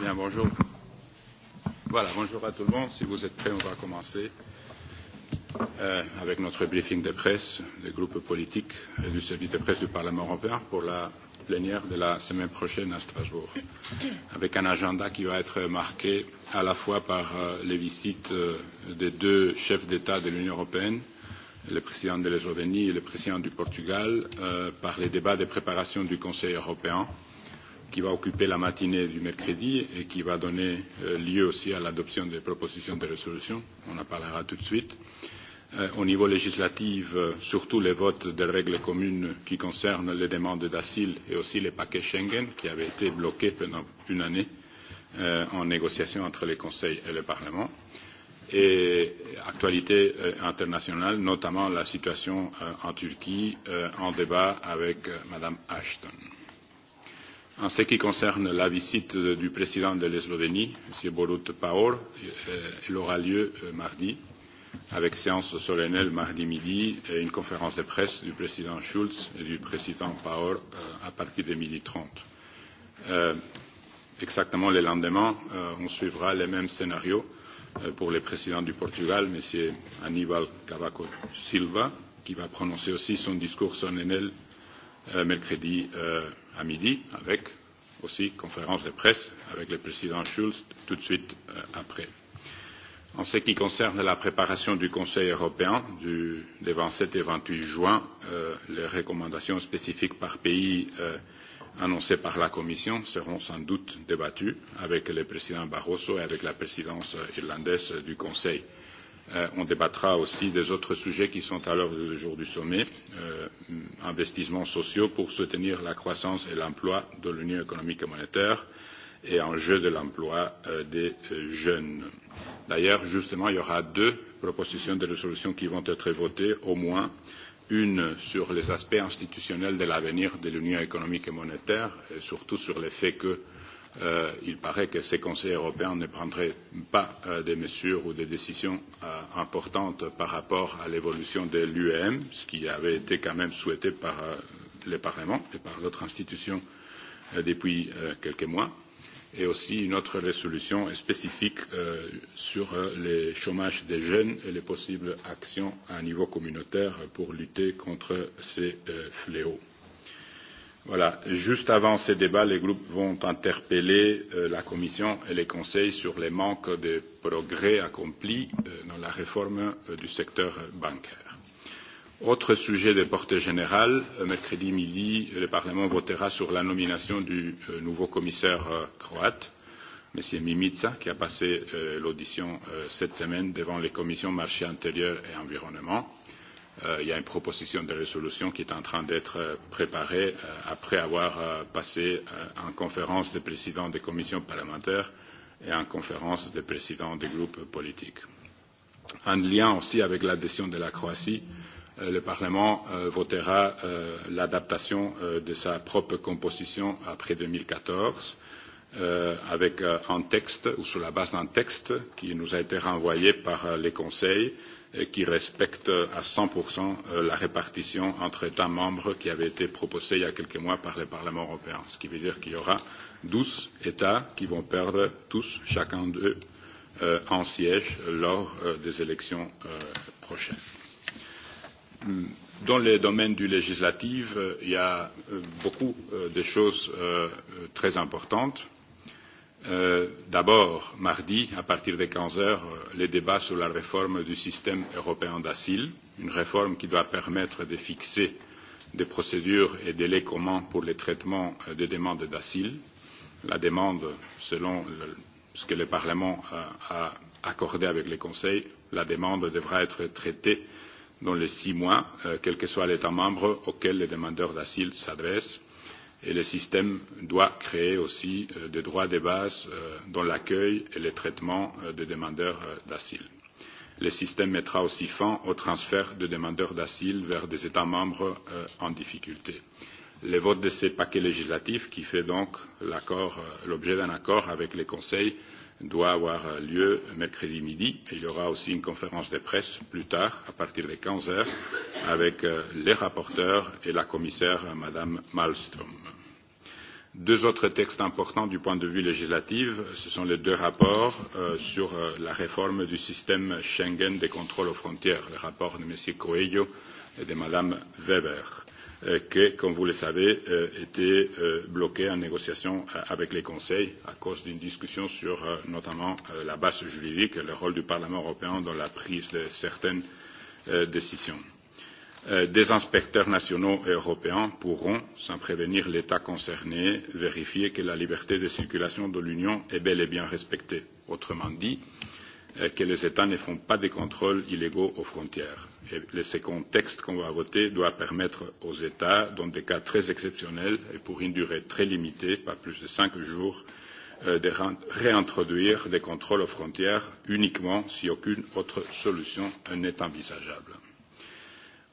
Bien, bonjour. Voilà, bonjour à tout le monde. Si vous êtes prêts, on va commencer avec notre briefing de presse des groupes politiques et du service de presse du Parlement européen pour la plénière de la semaine prochaine à Strasbourg, avec un agenda qui va être marqué à la fois par les visites des deux chefs d'État de l'Union européenne, le président de l'Eslovénie et le président du Portugal, par les débats de préparation du Conseil européen qui va occuper la matinée du mercredi et qui va donner lieu aussi à l'adoption des propositions de résolution. On en parlera tout de suite. Au niveau législatif, surtout les votes des règles communes qui concernent les demandes d'asile et aussi les paquets Schengen qui avaient été bloqués pendant une année en négociation entre les conseils et le Parlement. Et actualité internationale, notamment la situation en Turquie en débat avec madame Ashton. En ce qui concerne la visite du président de l'Eslovénie, M. Borut Pahor, elle aura lieu mardi, avec séance solennelle mardi midi et une conférence de presse du président Schulz et du président Pahor à partir de midi trente. Exactement le lendemain, on suivra les mêmes scénarios pour le président du Portugal, M. Aníbal Cavaco Silva, qui va prononcer aussi son discours solennel mercredi à midi, avec aussi conférence de presse avec le président Schulz tout de suite après. En ce qui concerne la préparation du Conseil européen du, des 27 et 28 juin, les recommandations spécifiques par pays annoncées par la Commission seront sans doute débattues avec le président Barroso et avec la présidence irlandaise du Conseil. On débattra aussi des autres sujets qui sont à l'ordre du jour du sommet, investissements sociaux pour soutenir la croissance et l'emploi de l'Union économique et monétaire et enjeu de l'emploi des jeunes. D'ailleurs, justement, il y aura deux propositions de résolution qui vont être votées, au moins une sur les aspects institutionnels de l'avenir de l'Union économique et monétaire et surtout sur le fait que il paraît que ce Conseil européen ne prendrait pas des mesures ou des décisions importantes par rapport à l'évolution de l'UEM, ce qui avait été quand même souhaité par le Parlement et par d'autres institutions depuis quelques mois, et aussi une autre résolution spécifique sur le chômage des jeunes et les possibles actions à niveau communautaire pour lutter contre ces fléaux. Voilà. Juste avant ces débats, les groupes vont interpeller la Commission et les conseils sur les manques de progrès accomplis dans la réforme du secteur bancaire. Autre sujet de portée générale, mercredi midi, le Parlement votera sur la nomination du nouveau commissaire croate, M. Mimica, qui a passé l'audition cette semaine devant les commissions marché intérieur et environnement il y a une proposition de résolution qui est en train d'être préparée après avoir passé en conférence des présidents des commissions parlementaires et en conférence des présidents des groupes politiques. En lien aussi avec l'adhésion de la Croatie, le Parlement votera l'adaptation de sa propre composition après 2014 avec un texte ou sur la base d'un texte qui nous a été renvoyé par les conseils qui respecte à 100% la répartition entre États membres qui avait été proposée il y a quelques mois par le Parlement européen. Ce qui veut dire qu'il y aura 12 États qui vont perdre tous, chacun d'eux, un siège lors des élections prochaines. Dans le domaine du législatif, il y a beaucoup de choses très importantes D'abord, mardi, à partir de 15 heures, les débats sur la réforme du système européen d'asile, une réforme qui doit permettre de fixer des procédures et des délais communs pour le traitement des demandes d'asile. La demande, selon ce que le Parlement a accordé avec le Conseil, la demande devra être traitée dans les six mois, quel que soit l'État membre auquel les demandeurs d'asile s'adressent et le système doit créer aussi des droits de base dans l'accueil et le traitement des demandeurs d'asile. Le système mettra aussi fin au transfert de demandeurs d'asile vers des États membres en difficulté. Le vote de ce paquet législatif, qui fait donc l'objet d'un accord avec le Conseil, doit avoir lieu mercredi midi. et Il y aura aussi une conférence de presse plus tard, à partir de 15 heures, avec les rapporteurs et la commissaire, Madame Malmström. Deux autres textes importants du point de vue législatif, ce sont les deux rapports sur la réforme du système Schengen des contrôles aux frontières, le rapport de M. Coelho et de Mme Weber qui, comme vous le savez, était bloqué en négociation avec les conseils à cause d'une discussion sur notamment la base juridique et le rôle du Parlement européen dans la prise de certaines décisions. Des inspecteurs nationaux et européens pourront, sans prévenir l'État concerné, vérifier que la liberté de circulation de l'Union est bel et bien respectée. Autrement dit, que les États ne font pas des contrôles illégaux aux frontières le second texte qu'on va voter doit permettre aux États, dans des cas très exceptionnels et pour une durée très limitée, pas plus de cinq jours, de réintroduire des contrôles aux frontières uniquement si aucune autre solution n'est envisageable.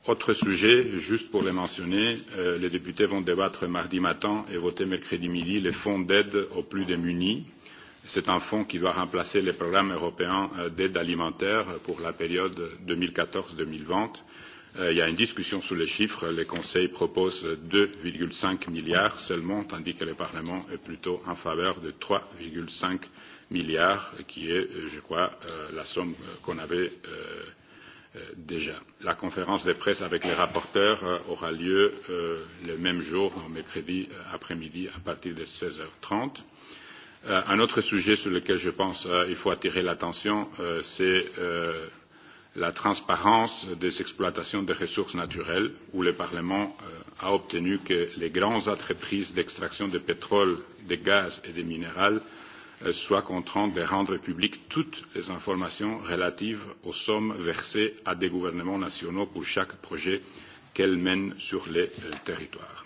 Autre sujet, juste pour le mentionner, les députés vont débattre mardi matin et voter mercredi midi les fonds d'aide aux plus démunis C'est un fonds qui va remplacer les programmes européens d'aide alimentaire pour la période 2014-2020. Il y a une discussion sur les chiffres. Le Conseil propose 2,5 milliards seulement, tandis que le Parlement est plutôt en faveur de 3,5 milliards, qui est, je crois, la somme qu'on avait déjà. La conférence de presse avec les rapporteurs aura lieu le même jour, mercredi après-midi, à partir de 16h30. Un autre sujet sur lequel je pense qu'il faut attirer l'attention, c'est la transparence des exploitations des ressources naturelles, où le Parlement a obtenu que les grandes entreprises d'extraction de pétrole, de gaz et de minéraux soient contraintes de rendre publiques toutes les informations relatives aux sommes versées à des gouvernements nationaux pour chaque projet qu'elles mènent sur les territoires.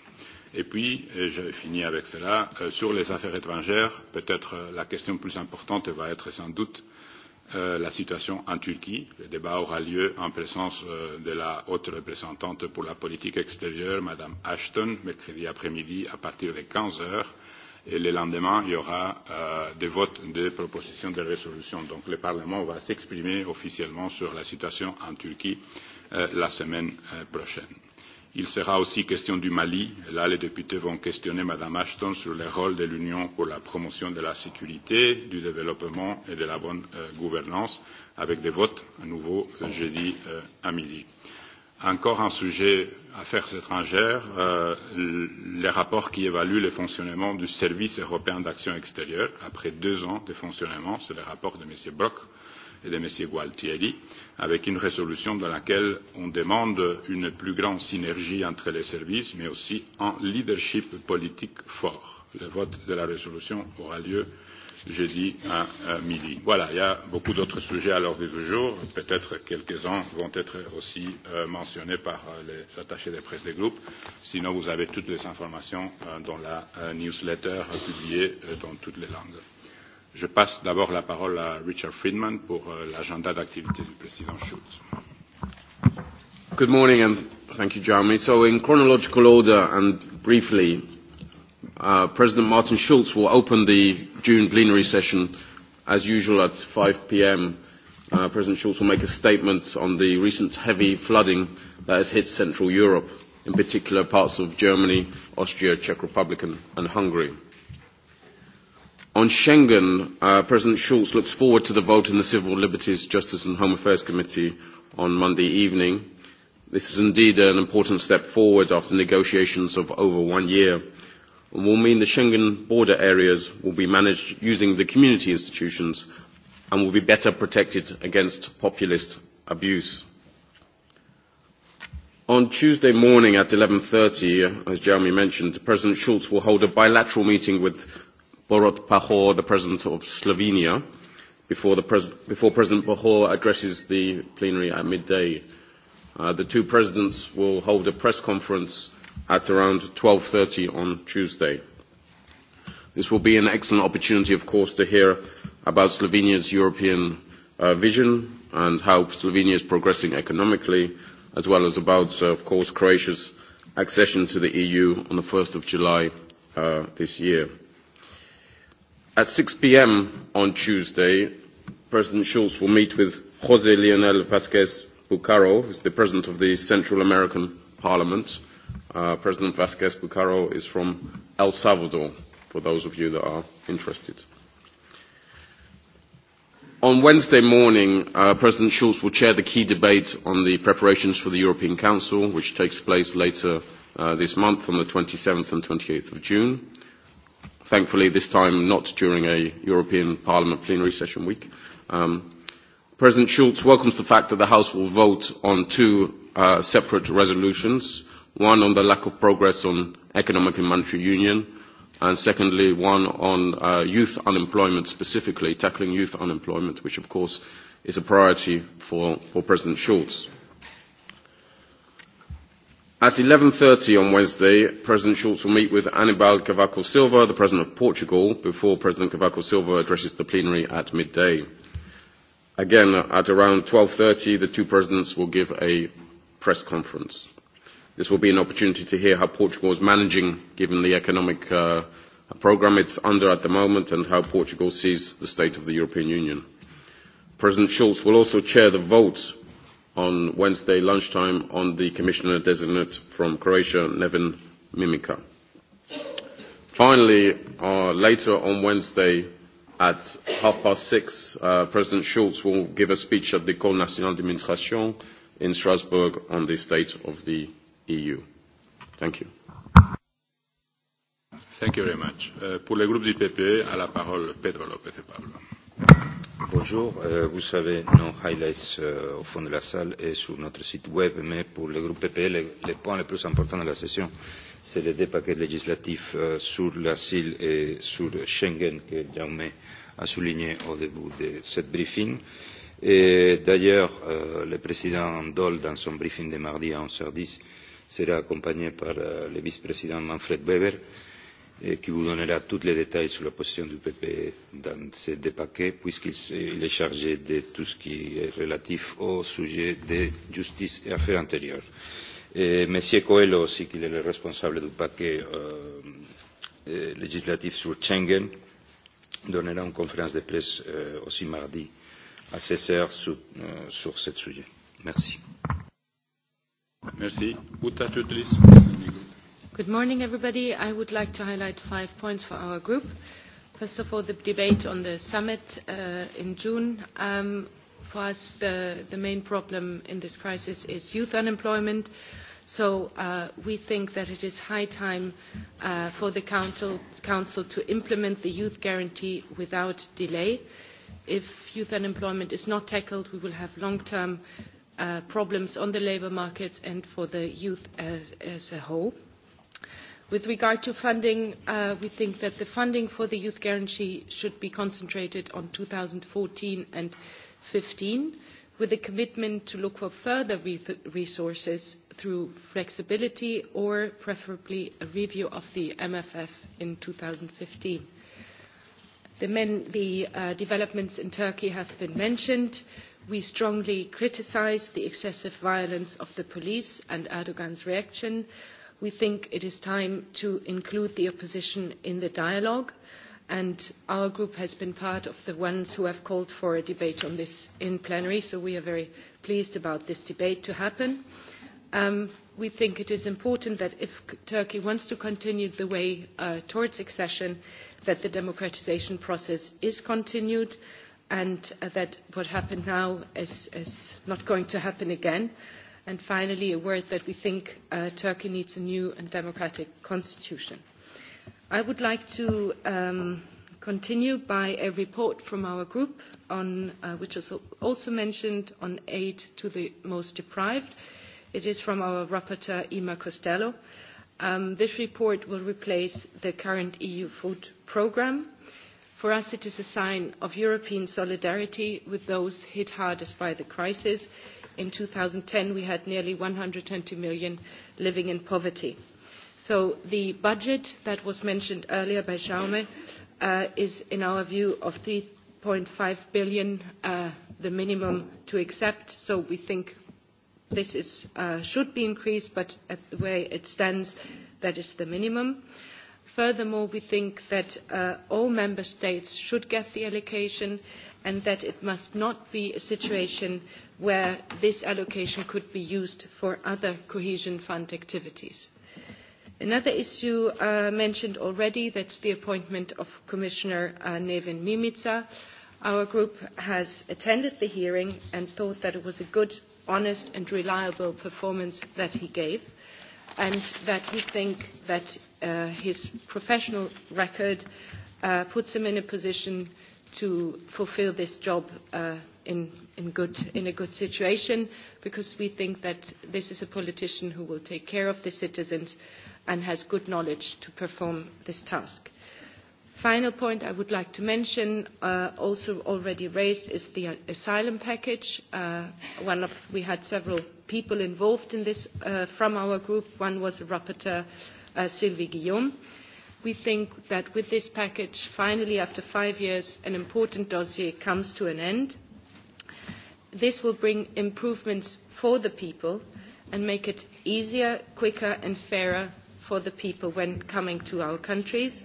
Et puis, je finis avec cela, sur les affaires étrangères, peut-être la question plus importante va être sans doute la situation en Turquie. Le débat aura lieu en présence de la haute représentante pour la politique extérieure, madame Ashton, mercredi après-midi à partir de 15 heures. Et le lendemain, il y aura des votes de propositions de résolution. Donc le Parlement va s'exprimer officiellement sur la situation en Turquie la semaine prochaine. Il sera aussi question du Mali. Là, les députés vont questionner Mme Ashton sur le rôle de l'Union pour la promotion de la sécurité, du développement et de la bonne gouvernance, avec des votes à nouveau jeudi à midi. Encore un sujet affaires étrangères, les rapports qui évaluent le fonctionnement du service européen d'action extérieure après deux ans de fonctionnement, c'est le rapport de M. Brok et de M. Gualtieri, avec une résolution dans laquelle on demande une plus grande synergie entre les services, mais aussi un leadership politique fort. Le vote de la résolution aura lieu jeudi à midi. Voilà, il y a beaucoup d'autres sujets à l'ordre du jour. Peut-être quelques-uns vont être aussi mentionnés par les attachés des presse des groupes. Sinon, vous avez toutes les informations dans la newsletter publiée dans toutes les langues. Je passe d'abord la parole à Richard Friedman pour l'agenda d'activité du président Schulz. Good morning and thank you, Jeremy. So in chronological order and briefly, President Martin Schulz will open the June plenary session as usual at 5 p.m. President Schulz will make a statement on the recent heavy flooding that has hit Central Europe, in particular parts of Germany, Austria, Czech Republic and Hungary. On Schengen, President Schulz looks forward to the vote in the Civil Liberties, Justice and Home Affairs Committee on Monday evening. This is indeed an important step forward after negotiations of over one year will mean the Schengen border areas will be managed using the community institutions and will be better protected against populist abuse. On Tuesday morning at 11.30, as Jeremy mentioned, President Schulz will hold a bilateral meeting with Borut Pahor, the President of Slovenia, before President Pahor addresses the plenary at midday. The two presidents will hold a press conference at around 12.30 on Tuesday. This will be an excellent opportunity, of course, to hear about Slovenia's European vision and how Slovenia is progressing economically, as well as about, of course, Croatia's accession to the EU on the 1st of July this year. At 6 p.m. on Tuesday, President Schulz will meet with José Leonel Vázquez Bucaro, who is the President of the Central American Parliament, President Vasquez Bucaro is from El Salvador, for those of you that are interested. On Wednesday morning, President Schulz will chair the key debate on the preparations for the European Council, which takes place later this month on the 27th and 28th of June. Thankfully, this time not during a European Parliament plenary session week. President Schulz welcomes the fact that the House will vote on two separate resolutions one on the lack of progress on economic and monetary union, and secondly, one on youth unemployment specifically, tackling youth unemployment, which of course is a priority for President Schulz. At 11.30 on Wednesday, President Schulz will meet with Anibal Cavaco Silva, the President of Portugal, before President Cavaco Silva addresses the plenary at midday. Again, at around 12.30, the two presidents will give a press conference. This will be an opportunity to hear how Portugal is managing, given the economic programme it's under at the moment, and how Portugal sees the state of the European Union. President Schulz will also chair the vote on Wednesday lunchtime on the Commissioner-designate from Croatia, Nevin Mimica. Finally, later on Wednesday at half past six, President Schulz will give a speech at the École National Administration in Strasbourg on the state of the EU. Thank you. Thank you very much. Pour le groupe PPE, à la parole Pedro López Pablo. Bonjour, vous savez nos highlights au fond de la salle et sur notre site web, mais pour le groupe PPE, le point le plus importants de la session, c'est les deux paquets législatifs sur l'asile et sur Schengen que Jaume a souligné au début de cette briefing. D'ailleurs, le président Daul, dans son briefing de mardi à 11h10, sera accompagné par le vice-président Manfred Weber, qui vous donnera tous les détails sur la position du PPE dans ces deux paquets, puisqu'il est chargé de tout ce qui est relatif au sujet de justice et affaires intérieures. Monsieur Coelho aussi, qui est le responsable du paquet législatif sur Schengen, donnera une conférence de presse aussi mardi à 16 heures sur ce sujet. Merci. Merci. President, Good morning, everybody. I would like to highlight five points for our group. First of all, the debate on the summit in June. For us, the main problem in this crisis is youth unemployment. So we think that it is high time for the Council to implement the youth guarantee without delay. If youth unemployment is not tackled, we will have long-term problems on the labour markets and for the youth as a whole. With regard to funding, we think that the funding for the youth guarantee should be concentrated on 2014 and 2015, with a commitment to look for further resources through flexibility or preferably a review of the MFF in 2015. The developments in Turkey have been mentioned. We strongly criticise the excessive violence of the police and Erdogan's reaction. We think it is time to include the opposition in the dialogue, and our group has been part of the ones who have called for a debate on this in plenary, so we are very pleased about this debate to happen. We think it is important that if Turkey wants to continue the way towards accession, that the democratisation process is continued and that what happened now is not going to happen again. And finally, a word that we think Turkey needs a new and democratic constitution. I would like to continue by a report from our group, which was also mentioned, on aid to the most deprived. It is from our rapporteur, Ima Costello. This report will replace the current EU food programme For us, it is a sign of European solidarity with those hit hardest by the crisis. In 2010, we had nearly 120 million living in poverty. So the budget that was mentioned earlier by Jaume is, in our view, of 3.5 billion, the minimum to accept. So we think this should be increased, but at the way it stands, that is the minimum. Furthermore, we think that all member states should get the allocation and that it must not be a situation where this allocation could be used for other cohesion fund activities. Another issue mentioned already, that's the appointment of Commissioner Neven Mimica. Our group has attended the hearing and thought that it was a good, honest and reliable performance that he gave and that we think that his professional record puts him in a position to fulfill this job in a good situation because we think that this is a politician who will take care of the citizens and has good knowledge to perform this task. Final point I would like to mention, also already raised, is the asylum package. We had several people involved in this from our group. One was a rapporteur Sylvie Guillaume. We think that with this package, finally, after five years, an important dossier comes to an end. This will bring improvements for the people and make it easier, quicker and fairer for the people when coming to our countries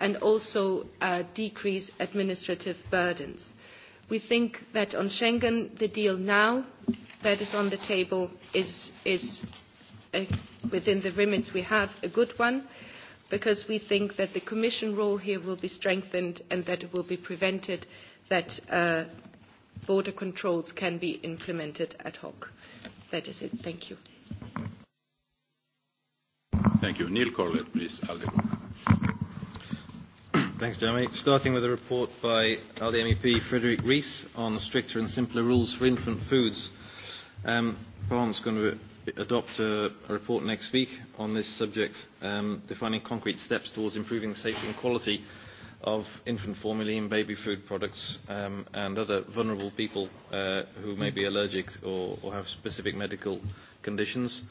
and also decrease administrative burdens. We think that on Schengen, the deal now that is on the table is within the remits we have a good one because we think that the commission role here will be strengthened and that it will be prevented that border controls can be implemented ad hoc. That is it. Thank you. Thank you. Neil Corlett, please. Thanks, Jeremy. Starting with a report by ALDE MEP Frederick Rees on stricter and simpler rules for infant foods. Parliament's going to adopt a report next week on this subject, um defining concrete steps towards improving the safety and quality of infant formula and baby food products um and other vulnerable people who may be allergic or or have specific medical conditions.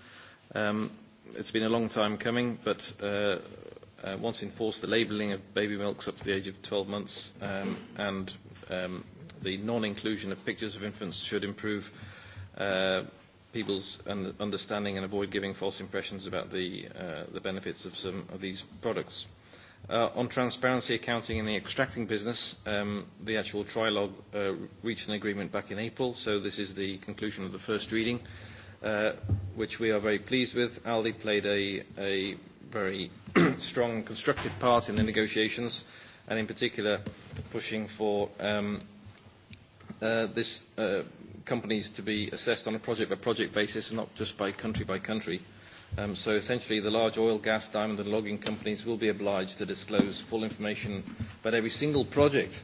It's been a long time coming, but once enforced, the labelling of baby milks up to the age of 12 months and the non-inclusion of pictures of infants should improve people's understanding and avoid giving false impressions about the the benefits of some of these products. On transparency accounting in the extracting business, um the actual trilogue reached an agreement back in April, so this is the conclusion of the first reading, which we are very pleased with. ALDI played a very strong constructive part in the negotiations, and in particular pushing for um this companies to be assessed on a project-by-project basis and not just by country-by-country. So essentially, the large oil, gas, diamond and logging companies will be obliged to disclose full information about every single project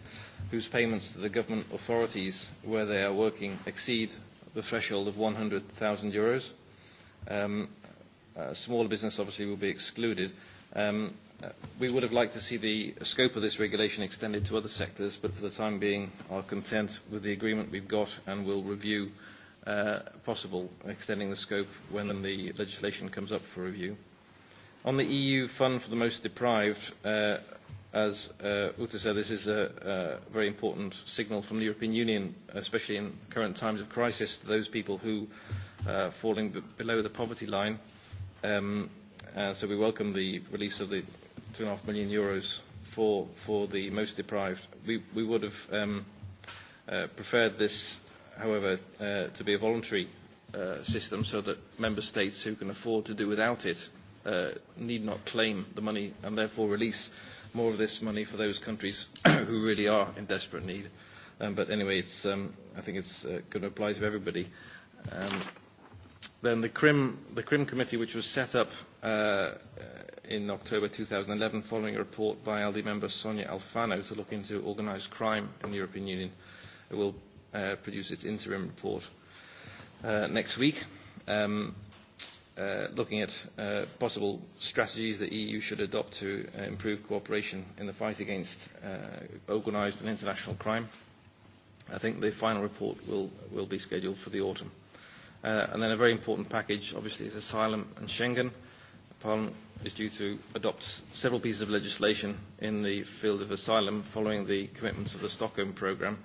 whose payments to the government authorities where they are working exceed the threshold of 100,000 euros. Smaller business obviously will be excluded. We would have liked to see the scope of this regulation extended to other sectors, but for the time being are content with the agreement we've got and will review possible extending the scope when the legislation comes up for review. On the EU Fund for the Most Deprived, as Uta said, this is a very important signal from the European Union, especially in current times of crisis, to those people who are falling below the poverty line. So we welcome the release of the 2.5 million euros for for the most deprived. We we would have um preferred this, however, to be a voluntary system so that member states who can afford to do without it need not claim the money and therefore release more of this money for those countries who really are in desperate need. But anyway, it's I think it's going to apply to everybody. Then the Crim Committee, which was set up in October 2011 following a report by ALDE member Sonia Alfano to look into organised crime in the European Union. It will produce its interim report next week, looking at possible strategies the EU should adopt to improve cooperation in the fight against organised and international crime. I think the final report will will be scheduled for the autumn. And then a very important package, obviously, is asylum and Schengen Parliament is due to adopt several pieces of legislation in the field of asylum following the commitments of the Stockholm Programme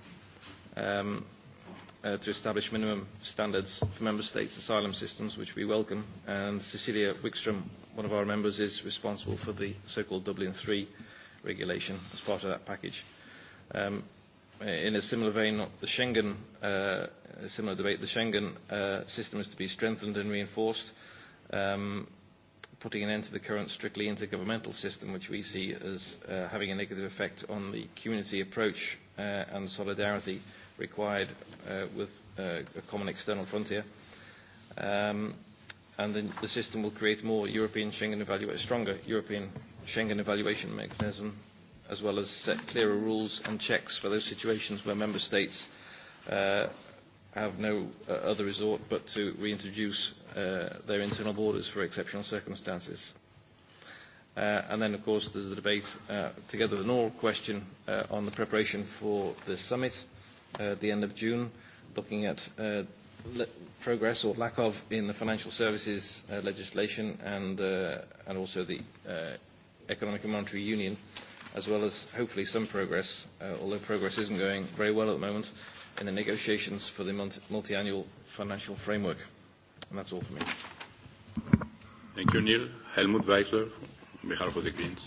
to establish minimum standards for member states' asylum systems, which we welcome. And Cecilia Wickstrom, one of our members, is responsible for the so-called Dublin III regulation as part of that package. In a similar vein, the Schengen, a similar debate, the Schengen system is to be strengthened and reinforced. Um, putting an end to the current strictly intergovernmental system, which we see as having a negative effect on the community approach and solidarity required with a common external frontier. And the system will create more European Schengen evaluation, stronger European Schengen evaluation mechanism, as well as set clearer rules and checks for those situations where member states have no other resort but to reintroduce their internal borders for exceptional circumstances. And then, of course, there's the debate, together with an oral question, on the preparation for the summit at the end of June, looking at progress or lack of in the financial services legislation and and also the economic and monetary union, as well as hopefully some progress, although progress isn't going very well at the moment, in the negotiations for the multi-annual financial framework. And that's all for me. Thank you, Neil. Helmut Weisler, on behalf of the Greens.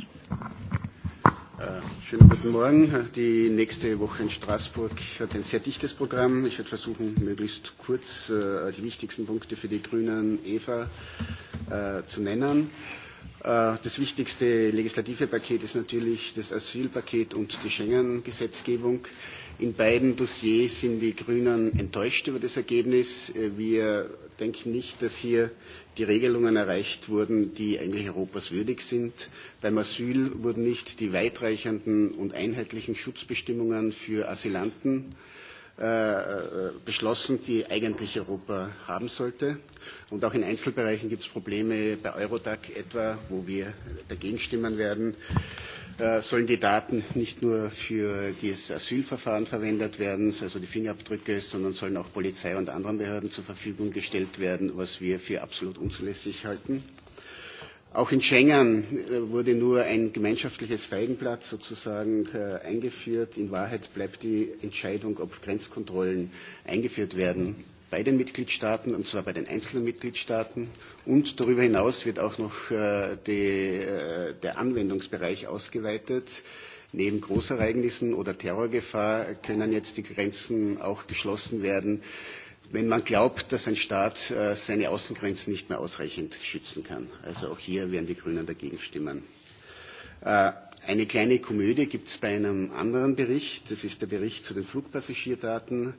Schönen guten Morgen. Die nächste Woche in Straßburg hat ein sehr dichtes Programm. Ich werde versuchen, möglichst kurz die wichtigsten Punkte für die Grünen Eva zu nennen. Das wichtigste legislative Paket ist natürlich das Asylpaket und die Schengen-Gesetzgebung. In beiden Dossiers sind die Grünen enttäuscht über das Ergebnis. Wir denken nicht, dass hier die Regelungen erreicht wurden, die eigentlich Europas würdig sind. Beim Asyl wurden nicht die weitreichenden und einheitlichen Schutzbestimmungen für Asylanten beschlossen, die eigentlich Europa haben sollte. Und auch in Einzelbereichen gibt es Probleme, bei Eurodac etwa, wo wir dagegen stimmen werden. Sollen die Daten nicht nur für das Asylverfahren verwendet werden, also die Fingerabdrücke, sondern sollen auch Polizei und anderen Behörden zur Verfügung gestellt werden, was wir für absolut unzulässig halten. Auch in Schengen wurde nur ein gemeinschaftliches Feigenblatt sozusagen eingeführt. In Wahrheit bleibt die Entscheidung, ob Grenzkontrollen eingeführt werden, bei den Mitgliedstaaten, und zwar bei den einzelnen Mitgliedstaaten. Und darüber hinaus wird auch noch der Anwendungsbereich ausgeweitet. Neben Großereignissen oder Terrorgefahr können jetzt die Grenzen auch geschlossen werden wenn man glaubt, dass ein Staat seine Außengrenzen nicht mehr ausreichend schützen kann. Also auch hier werden die Grünen dagegen stimmen. Eine kleine Komödie gibt es bei einem anderen Bericht. Das ist der Bericht zu den Flugpassagierdaten.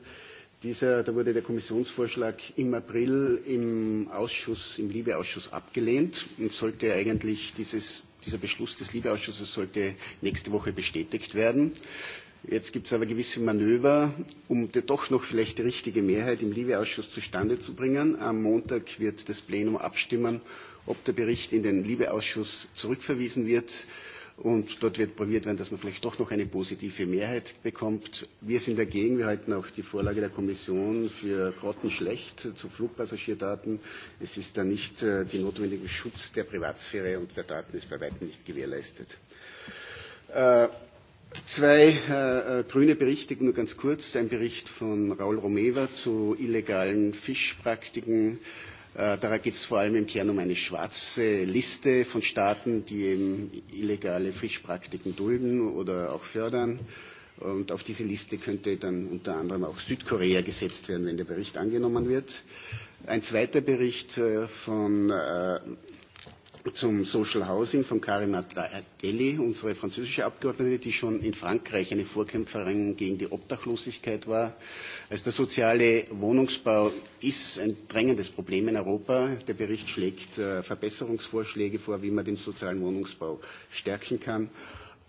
da wurde der Kommissionsvorschlag im April im Ausschuss, Libe-Ausschuss abgelehnt und sollte eigentlich dieser Beschluss des Libe-Ausschusses sollte nächste Woche bestätigt werden. Jetzt gibt es aber gewisse Manöver, um doch noch vielleicht die richtige Mehrheit im Libe-Ausschuss zustande zu bringen. Am Montag wird das Plenum abstimmen, ob der Bericht in den Libe-Ausschuss zurückverwiesen wird. Und dort wird probiert werden, dass man vielleicht doch noch eine positive Mehrheit bekommt. Wir sind dagegen. Wir halten auch die Vorlage der Kommission für grottenschlecht zu Flugpassagierdaten. Es ist da nicht der notwendige Schutz der Privatsphäre und der Daten ist bei weitem nicht gewährleistet. Zwei grüne Berichte, nur ganz kurz. Ein Bericht von Raul Romeva zu illegalen Fischpraktiken. Da geht es vor allem im Kern um eine schwarze Liste von Staaten, die eben illegale Fischpraktiken dulden oder auch fördern. Und auf diese Liste könnte dann unter anderem auch Südkorea gesetzt werden, wenn der Bericht angenommen wird. Ein zweiter Bericht von zum Social Housing von Karima Deli, unsere französische Abgeordnete, die schon in Frankreich eine Vorkämpferin gegen die Obdachlosigkeit war. Also der soziale Wohnungsbau ist ein drängendes Problem in Europa. Der Bericht schlägt Verbesserungsvorschläge vor, wie man den sozialen Wohnungsbau stärken kann.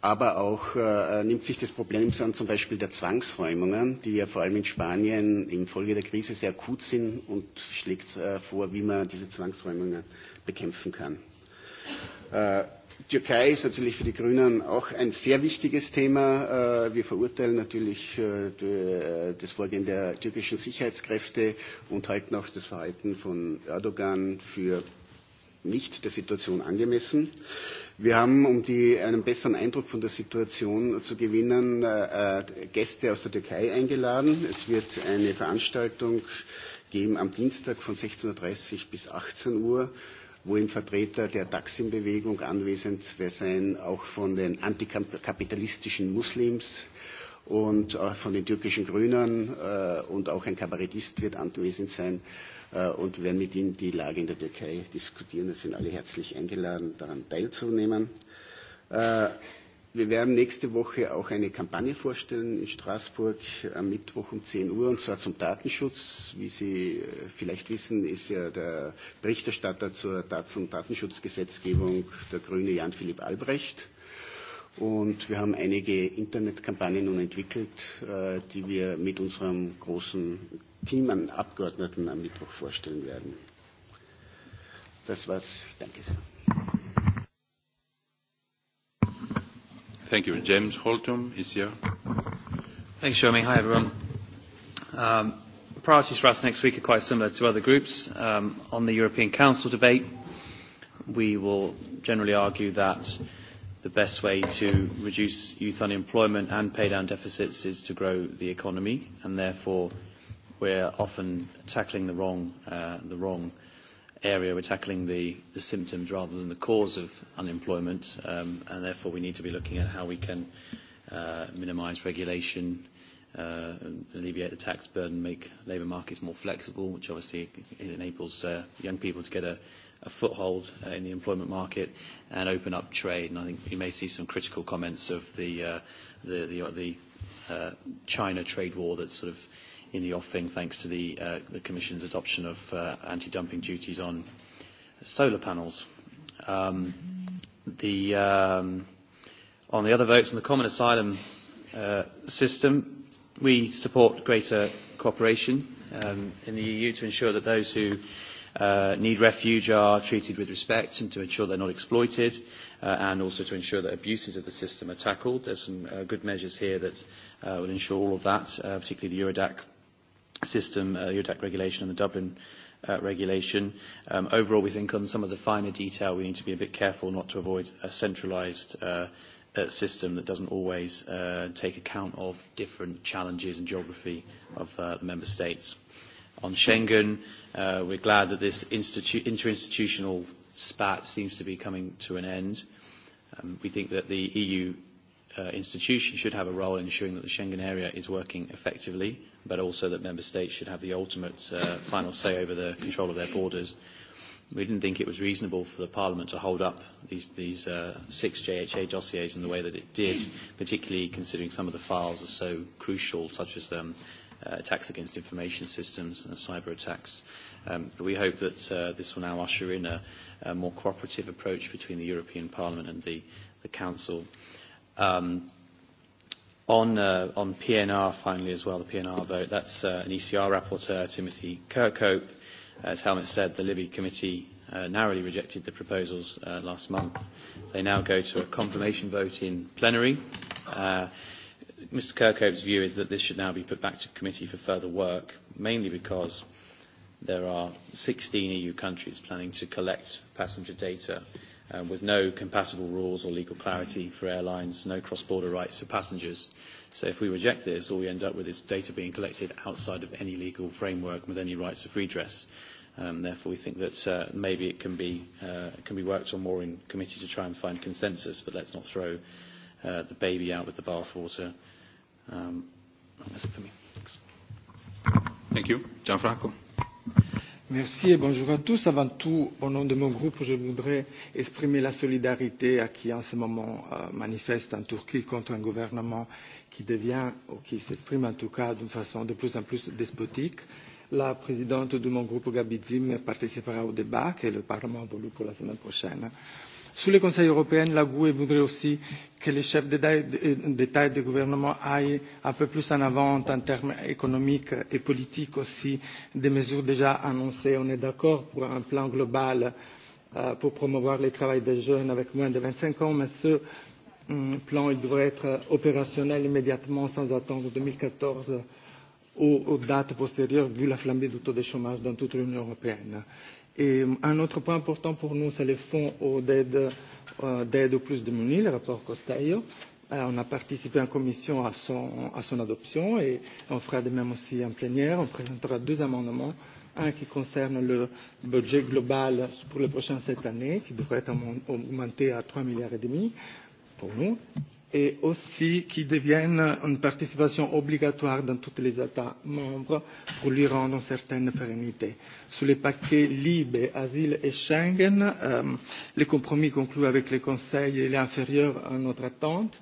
Aber auch nimmt sich das Problems an, zum Beispiel der Zwangsräumungen, die ja vor allem in Spanien infolge der Krise sehr akut sind und schlägt vor, wie man diese Zwangsräumungen bekämpfen kann. Türkei ist natürlich für die Grünen auch ein sehr wichtiges Thema. Wir verurteilen natürlich das Vorgehen der türkischen Sicherheitskräfte und halten auch das Verhalten von Erdogan für nicht der Situation angemessen. Wir haben, um einen besseren Eindruck von der Situation zu gewinnen, Gäste aus der Türkei eingeladen. Es wird eine Veranstaltung geben am Dienstag von 16.30 bis 18 Uhr wo ein Vertreter der Taksim-Bewegung anwesend sein, auch von den antikapitalistischen Muslims und von den türkischen Grünen und auch ein Kabarettist wird anwesend sein und werden mit ihnen die Lage in der Türkei diskutieren. Es sind alle herzlich eingeladen, daran teilzunehmen. Wir werden nächste Woche auch eine Kampagne vorstellen in Straßburg am Mittwoch um 10 Uhr, und zwar zum Datenschutz. Wie Sie vielleicht wissen, ist ja der Berichterstatter zur Datenschutzgesetzgebung der Grüne Jan Philipp Albrecht. Und wir haben einige Internetkampagnen nun entwickelt, die wir mit unserem großen Team an Abgeordneten am Mittwoch vorstellen werden. Das war's. Danke sehr. Thank you. James Holtum is here. Thanks, Jeremy. Hi, everyone. Um, priorities for us next week are quite similar to other groups. Um, on the European Council debate, we will generally argue that the best way to reduce youth unemployment and pay down deficits is to grow the economy, and therefore we're often tackling the wrong, uh, the wrong area we're tackling the the symptoms rather than the cause of unemployment and therefore we need to be looking at how we can minimise regulation alleviate the tax burden make labour markets more flexible which obviously enables young people to get a a foothold in the employment market and open up trade and I think you may see some critical comments of the the the China trade war that's sort of in the offing thanks to the the Commission's adoption of anti-dumping duties on solar panels. The on the other votes on the common asylum system, we support greater cooperation in the EU to ensure that those who need refuge are treated with respect and to ensure they're not exploited and also to ensure that abuses of the system are tackled. There's some good measures here that will ensure all of that, particularly the Eurodac system, UTAC regulation and the Dublin regulation. Overall, we think on some of the finer detail, we need to be a bit careful not to avoid a centralized system that doesn't always take account of different challenges and geography of the member states. On Schengen, we're glad that this interinstitutional spat seems to be coming to an end. We think that the EU institution should have a role in ensuring that the Schengen area is working effectively, but also that member states should have the ultimate final say over the control of their borders. We didn't think it was reasonable for the Parliament to hold up these, these six JHA dossiers in the way that it did, particularly considering some of the files are so crucial, such as um, attacks against information systems and cyber attacks. Um, but we hope that this will now usher in a, more cooperative approach between the European Parliament and the, the Council. On PNR, finally, as well, the PNR vote, that's an ECR rapporteur, Timothy Kirkhope. As Helmut said, the Libby Committee narrowly rejected the proposals last month. They now go to a confirmation vote in plenary. Mr Kirkhope's view is that this should now be put back to committee for further work, mainly because there are 16 EU countries planning to collect passenger data with no compatible rules or legal clarity for airlines, no cross-border rights for passengers. So if we reject this, all we end up with is data being collected outside of any legal framework with any rights of redress. Therefore, we think that maybe it can be can be worked on more in committee to try and find consensus, but let's not throw the baby out with the bathwater. That's it for me. Thanks. Thank you. Gianfranco. Merci et bonjour à tous. Avant tout, au nom de mon groupe, je voudrais exprimer la solidarité à qui en ce moment manifeste en Turquie contre un gouvernement qui devient, ou qui s'exprime en tout cas d'une façon de plus en plus despotique. La présidente de mon groupe, Gabizim, participera au débat que le Parlement a voulu pour la semaine prochaine Sous le Conseil européen, la GUE voudrait aussi que les chefs d'État et de gouvernement aillent un peu plus en avant en termes économiques et politiques aussi des mesures déjà annoncées. On est d'accord pour un plan global pour promouvoir le travail des jeunes avec moins de 25 ans, mais ce plan il devrait être opérationnel immédiatement sans attendre 2014 aux dates postérieures vu la flambée du taux de chômage dans toute l'Union européenne un autre point important pour nous, c'est le fonds d'aide d'aide aux plus démunis, le rapport Costaio. On a participé en commission à son, à son adoption et on fera de même aussi en plénière. On présentera deux amendements. Un qui concerne le budget global pour les prochaines sept années, qui devrait être augmenté à 3 milliards et demi pour nous, et aussi qui devienne une participation obligatoire dans tous les États membres pour lui rendre une certaine pérennité. Sur les paquets LIBE, Asile et Schengen, le compromis conclus avec le Conseil est inférieur à notre attente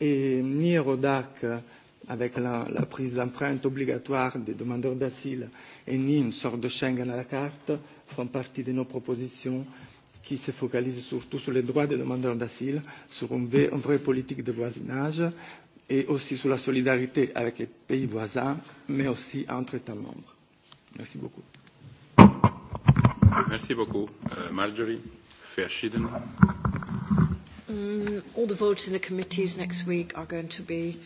et ni Eurodac avec la, la prise d'empreinte obligatoire des demandeurs d'asile et ni une sorte de Schengen à la carte font partie de nos propositions qui se focalise surtout sur les droits des demandeurs d'asile, sur une vraie politique de voisinage et aussi sur la solidarité avec les pays voisins, mais aussi entre États membres. Merci beaucoup. Merci beaucoup. Marjorie, verschieden. All the votes in the committees next week are going to be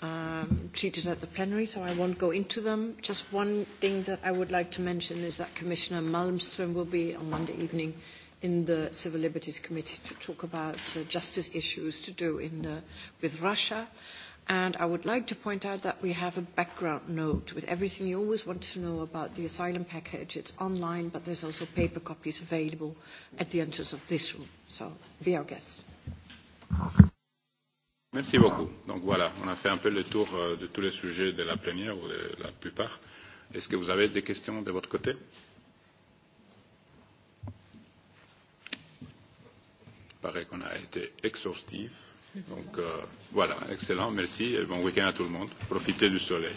um, treated at the plenary, so I won't go into them. Just one thing that I would like to mention is that Commissioner Malmström will be on Monday evening in the Civil Liberties Committee to talk about justice issues to do in with Russia. And I would like to point out that we have a background note with everything you always want to know about the asylum package. It's online, but there's also paper copies available at the entrance of this room. So be our guest. Merci beaucoup. Donc voilà, on a fait un peu le tour de tous les sujets de la plénière ou de la plupart. Est-ce que vous avez des questions de votre côté paraît qu'on a été exhaustif. Donc voilà, excellent, merci et bon week-end à tout le monde. Profitez du soleil.